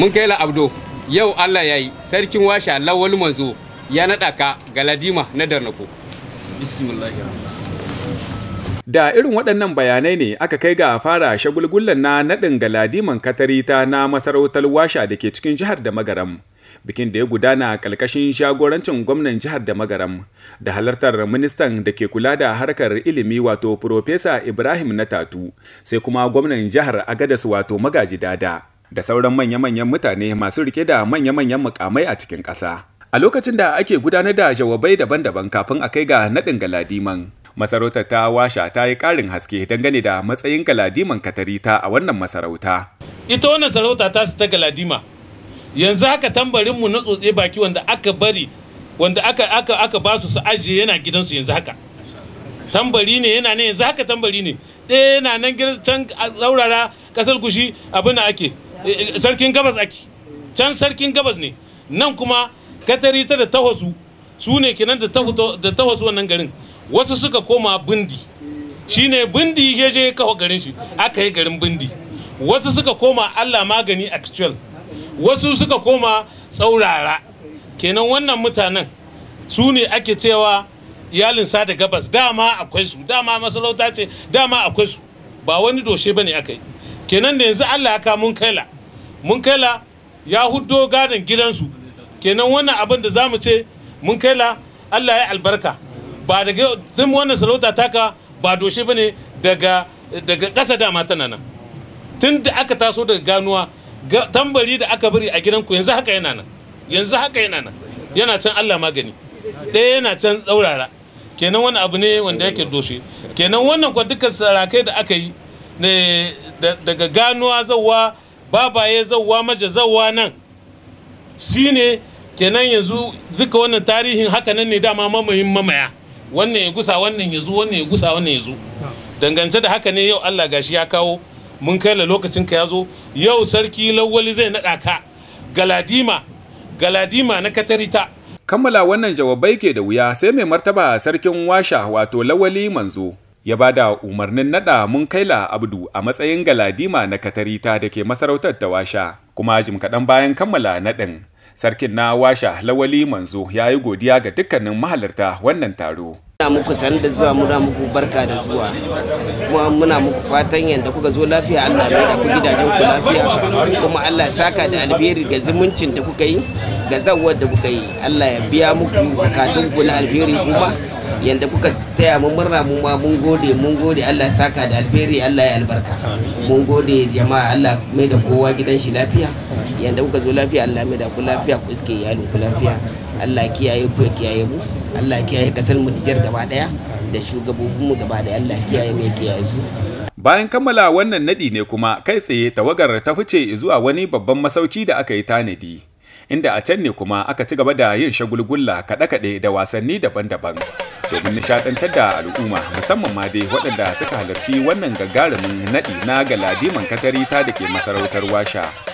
mun kai abdo yau allah ya yi sarkin washa lawal manzo ya naɗa ka galadima na darnako da irin waɗannan bayanai ne aka kai ga fara shagulgullan na naɗin galadiman katarita na masarautar washa da ke cikin jihar da magaram bikin da ya gudana ƙalƙashin shagorancin gwamnan jihar da magaram da halartar ministan da ke kula da harkar ilimi wato Profesa ibrahim na tatu sai kuma gwamnan jihar agadas wato magaji dada da sauran manya-manyan mutane masu rike da manya-manyan mukamai a cikin ƙasa. A lokacin da ake gudanar da jawabai daban-daban kafin a kai ga naɗin galadiman. Masarautar ta washa ta yi ƙarin haske dangane da matsayin galadiman katarita a wannan masarauta. Ita wannan sarauta ta su ta galadima. Yanzu haka tambarinmu na tsotse baki wanda aka bari wanda aka aka aka ba su su ajiye yana gidansu yanzu haka. Tambari ne yana ne yanzu haka tambari ne. Ɗaya yana nan can tsaurara kasar gushi abin da ake. sarkin gabas ake can sarkin gabas ne nan kuma katari ta da tahosu su ne kenan da tahosu wannan garin wasu suka koma bindi shine bindi ya je kawo garin shi aka yi garin bindi wasu suka koma allah magani actual wasu suka koma tsaurara kenan wannan mutanen su ne ake cewa iyalin da gabas dama akwai su dama masalauta ce dama akwai su ba wani doshe bane aka yi kenan da yanzu Allah ya ka mun kaila mun kaila ya huddo gadon gidansu kenan wannan abin da za mu ce mun kaila Allah ya albarka ba daga tun wannan sarauta taka ba doshi bane daga daga ƙasa dama tana nan tun da aka taso daga ganuwa tambari da aka bari a gidanku yanzu haka yana nan yanzu haka yana nan yana can Allah magani ɗaya yana can tsaurara kenan wani abu ne wanda yake doshi kenan wannan kwa duka sarakai da aka yi daga ganuwa zawa babaye zauwa maja zauwa nan Shi ne, kenan yanzu duka wannan tarihin haka nan ne dama mamayin mamaya wannan ya gusa wannan ya zo wannan ya gusa wannan ya zo dangance da haka ne yau Allah gashi ya kawo mun kai la lokacin ka ya zo yau sarki lawwali zai naɗa ka galadima galadima na katarita kammala wannan jawabai ke da wuya sai mai martaba sarkin washa wato lawali manzo ya ba da umarnin nada la abdu a matsayin galadima na katarita da ke masarautar da washa kuma jim kaɗan bayan kammala naɗin sarkin na washa lawali manzo ya yi godiya ga dukkanin mahalarta wannan taro muna muku san da zuwa muna muku barka da zuwa kuma muna muku fatan yadda kuka zo lafiya Allah mai da ku gidajen ku lafiya kuma Allah ya saka da alheri ga zumuncin da kuka yi ga zawar da kuka yi Allah ya biya muku bukatun ku na alheri kuma yanda kuka taya mun murna mu ma mun gode mun gode Allah ya saka da alheri Allah ya albarka mun gode jama'a Allah mai da kowa gidan shi lafiya yanda kuka zo lafiya Allah mai da ku lafiya ku iske iyalin ku lafiya Allah kiyaye ku kiyaye mu Allah kiyaye kasar mu tijar gaba daya da mu gaba daya Allah kiyaye mai kiyaye su Bayan kammala wannan nadi ne kuma kai tsaye tawagar ta fice zuwa wani babban masauki da aka yi tanadi. inda a can ne kuma aka ci gaba da yin shagulgulla kaɗe-kaɗe da wasanni daban-daban domin nishaɗantar da al'umma musamman ma dai waɗanda suka halarci wannan gagarumin naɗi na galadiman katari ta da ke masarautar washa.